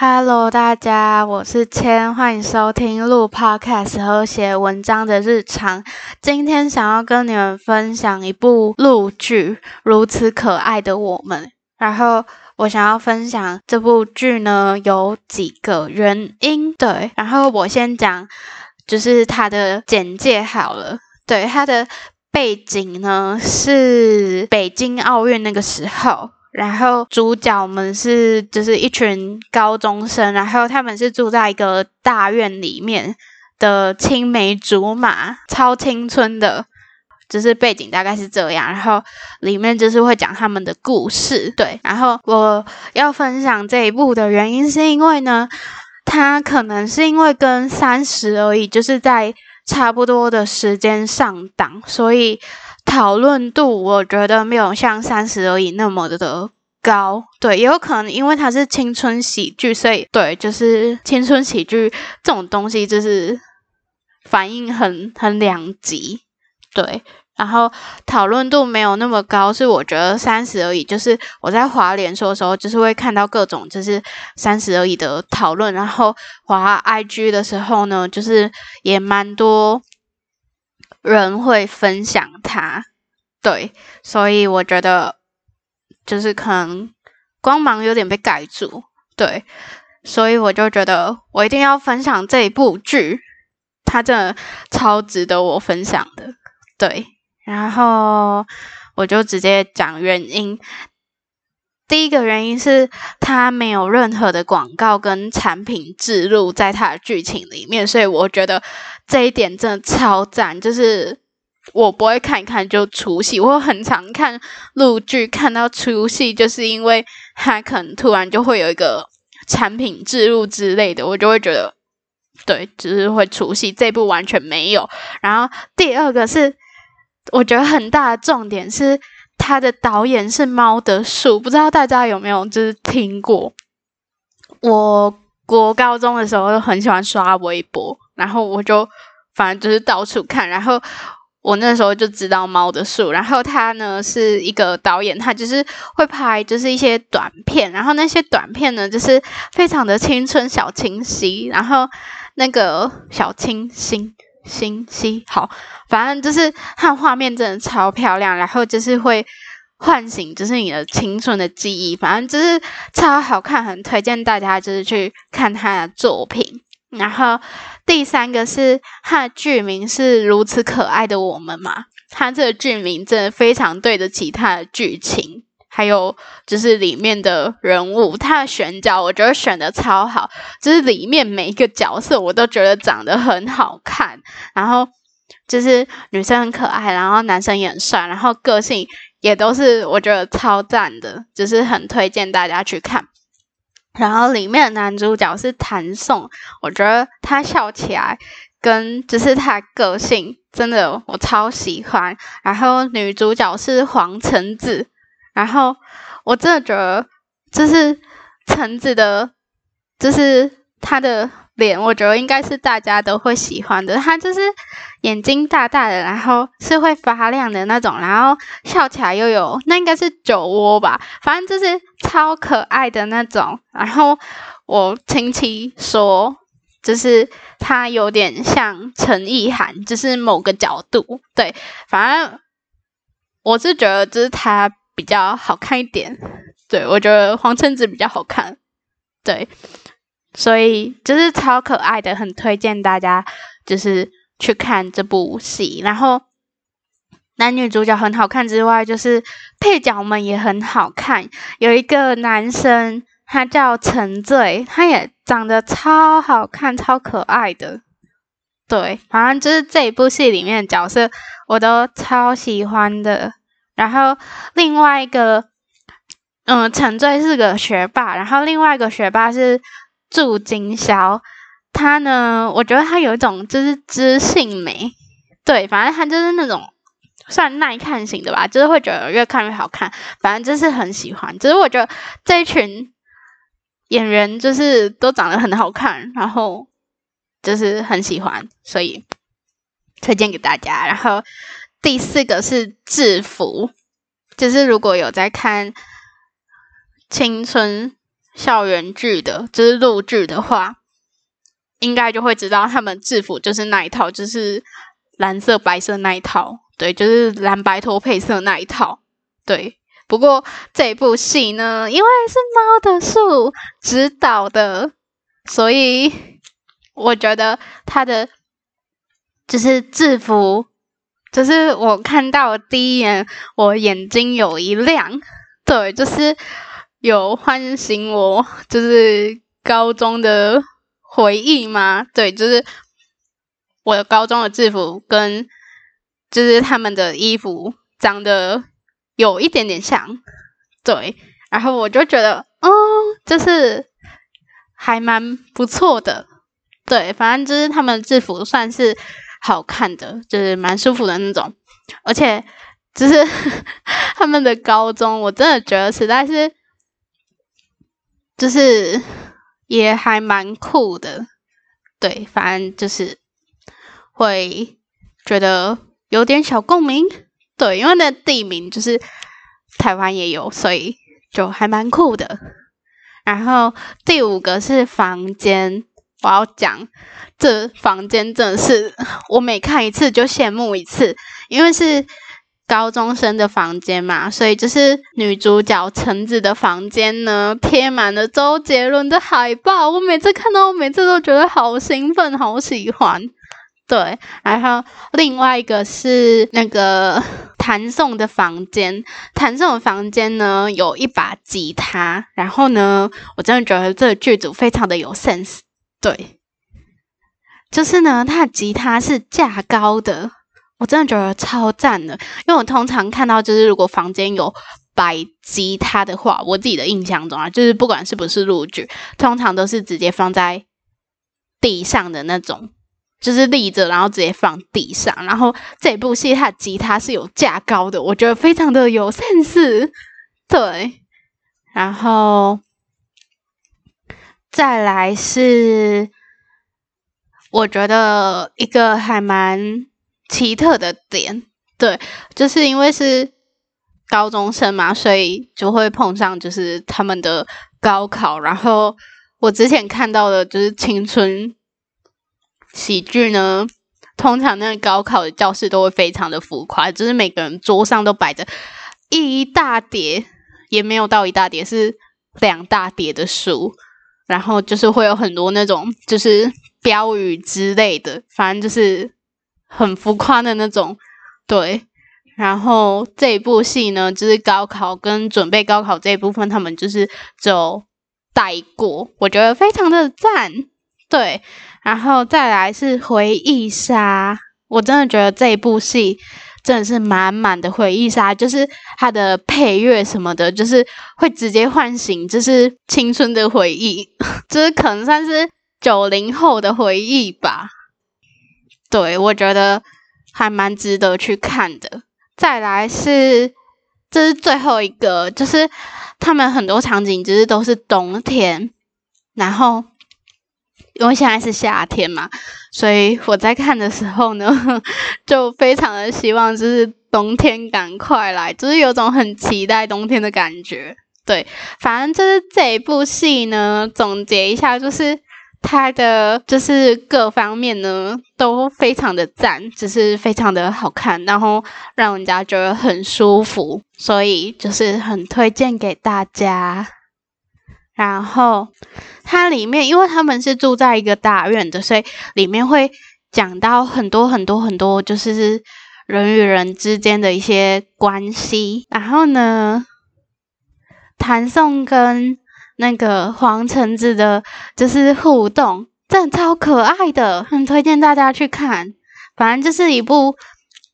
哈嘍大家，我是千，歡迎收聽錄 Podcast 和寫文章的日常。今天想要跟你們分享一部陸劇，如此可愛的我們。然後我想要分享這部劇呢，有幾個原因，對。然後我先講，就是它的簡介好了。對，它的背景呢是北京奧運那個時候。然後主角們是就是一群高中生，然後他們是住在一個大院裡面的青梅竹馬，超青春的，就是背景大概是這樣。然後裡面就是會講他們的故事，對。然後我要分享這一部的原因是因為呢，它可能是因為跟三十而已就是在差不多的時間上檔，所以。討論度我覺得沒有像《三十而已》那麼的高，對，也有可能因為它是青春喜劇，所以對，就是青春喜劇這種東西就是反應很很兩極，對，然後討論度沒有那麼高，是我覺得《三十而已》就是我在滑臉書的時候，就是會看到各種就是《三十而已》的討論，然後滑 IG 的時候呢，就是也蠻多。人會分享它，對，所以我覺得就是可能光芒有點被蓋住，對，所以我就覺得我一定要分享這部劇，它真的超值得我分享的，對，然後我就直接講原因。第一個原因是它沒有任何的廣告跟產品植入在它的劇情裡面，所以我覺得這一點真的超讚。就是我不會看一看就出戲，我很常看陸劇看到出戲，就是因為它可能突然就會有一個產品植入之類的，我就會覺得對，只、就是會出戲。這部完全沒有。然後第二個是，我覺得很大的重點是。他的導演是貓的樹，不知道大家有沒有就是聽過？我國高中的時候很喜歡刷微博，然後我就反正就是到處看，然後我那時候就知道貓的樹，然後他呢是一個導演，他就是會拍就是一些短片，然後那些短片呢就是非常的青春小清新，然後那個小清新，星行，好，反正就是他畫面真的超漂亮，然後就是會喚醒就是你的青春的記憶，反正就是超好看，很推薦大家就是去看他的作品。然後第三個是他的劇名是如此可愛的我們嘛，他這個劇名真的非常對得起他的劇情。還有就是裡面的人物，他的選角我覺得選的超好，就是裡面每一個角色我都覺得長得很好看，然後就是女生很可愛，然後男生也很帥，然後個性也都是我覺得超讚的，就是很推薦大家去看。然後裡面的男主角是譚頌，我覺得他笑起來跟就是他個性真的我超喜歡。然後女主角是黃橙子。然後我真的覺得，就是橙子的，就是他的臉，我覺得應該是大家都會喜歡的。他就是眼睛大大的，然後是會發亮的那種，然後笑起來又有那應該是酒窩吧，反正就是超可愛的那種。然後我親戚說，就是他有點像陳意涵，就是某個角度對，反正我是覺得就是他。比較好看一點，對，我覺得黃橙子比較好看，對，所以就是超可愛的，很推薦大家就是去看這部戲。然後男女主角很好看之外，就是配角們也很好看。有一個男生，他叫陳醉，他也長得超好看、超可愛的。對，好像就是這一部戲裡面的角色，我都超喜歡的。然後另外一個，嗯、呃，陳醉是個學霸。然後另外一個學霸是祝今宵，他呢，我覺得他有一種就是知性美，對，反正他就是那種算耐看型的吧，就是會覺得越看越好看。反正就是很喜歡，只是我覺得這一群演員就是都長得很好看，然後就是很喜歡，所以推薦給大家。然後。第四個是制服，就是如果有在看青春校園劇的，就是陸劇的話，應該就會知道他們制服就是那一套，就是藍色白色那一套，對，就是藍白拖配色那一套，對。不過這部戲呢，因為是貓的樹指導的，所以我覺得他的就是制服。就是我看到第一眼，我眼睛有一亮，對，就是有喚醒我，就是高中的回憶嘛，對，就是我的高中的制服跟就是他們的衣服長得有一點點像，對，然後我就覺得，嗯，就是還蠻不錯的，對，反正就是他們的制服算是。好看的，就是蠻舒服的那種，而且就是呵呵他們的高中，我真的覺得實在是，就是也還蠻酷的。對，反正就是會覺得有點小共鳴。對，因為那地名就是台灣也有，所以就還蠻酷的。然後第五個是房間。我要講，這房間真的是我每看一次就羨慕一次，因為是高中生的房間嘛，所以就是女主角橙子的房間呢，貼滿了周杰倫的海報。我每次看到，我每次都覺得好興奮，好喜歡。對，然後另外一個是那個談宋的房間，談宋的房間呢有一把吉他，然後呢，我真的覺得這個劇組非常的有 sense。對，就是呢，他的吉他是架高的，我真的覺得超讚的。因為我通常看到，就是如果房間有擺吉他的話，我自己的印象中啊，就是不管是不是陸劇，通常都是直接放在地上的那種，就是立着，然後直接放地上。然後這部戲他的吉他是有架高的，我覺得非常的有 sense，對，然後。再來是，我覺得一個還蠻奇特的點，對，就是因為是高中生嘛，所以就會碰上就是他們的高考。然後我之前看到的就是青春喜劇呢，通常那高考的教室都會非常的浮誇，就是每個人桌上都擺着一大疊，也沒有到一大疊，是兩大疊的書。然後就是會有很多那種就是標語之類的，反正就是很浮誇的那種。對，然後這一部戲呢，就是高考跟準備高考這一部分，他們就是就帶過，我覺得非常的讚。對，然後再來是回憶殺，我真的覺得這一部戲。真的是滿滿的回憶殺，就是它的配樂什麼的，就是會直接喚醒，就是青春的回憶，就是可能算是九零後的回憶吧。對，我覺得還蠻值得去看的。再來是，這是最後一個，就是他們很多場景就是都是冬天，然後。因為現在是夏天嘛，所以我在看的時候呢，就非常的希望就是冬天趕快來，就是有種很期待冬天的感覺。對，反正就是這部戲呢，總結一下，就是它的就是各方面呢都非常的讚，只、就是非常的好看，然後讓人家覺得很舒服，所以就是很推薦給大家。然後它裡面，因為他們是住在一個大院的，所以裡面會講到很多很多很多，就是人與人之間的一些關係。然後呢，譚宋跟那個黃橙子的，就是互動，真的超可愛的，很推薦大家去看。反正就是一部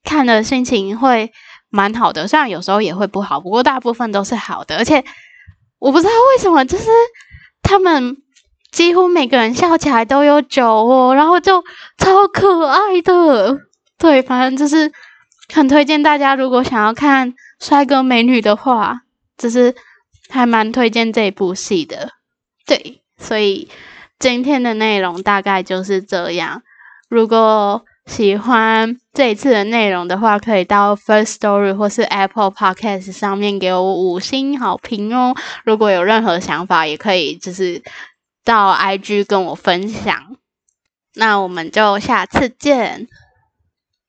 看了心情會蠻好的，雖然有時候也會不好，不過大部分都是好的，而且。我不知道為什麼，就是他們幾乎每個人笑起來都有酒窩，然後就超可愛的。對，反正就是很推薦大家，如果想要看帥哥美女的話，就是還蠻推薦這部戲的。對，所以今天的內容大概就是這樣。如果喜歡這一次的內容的話，可以到 First Story 或是 Apple Podcast 上面給我五星好評哦。如果有任何想法，也可以就是到 IG 跟我分享。那我們就下次見。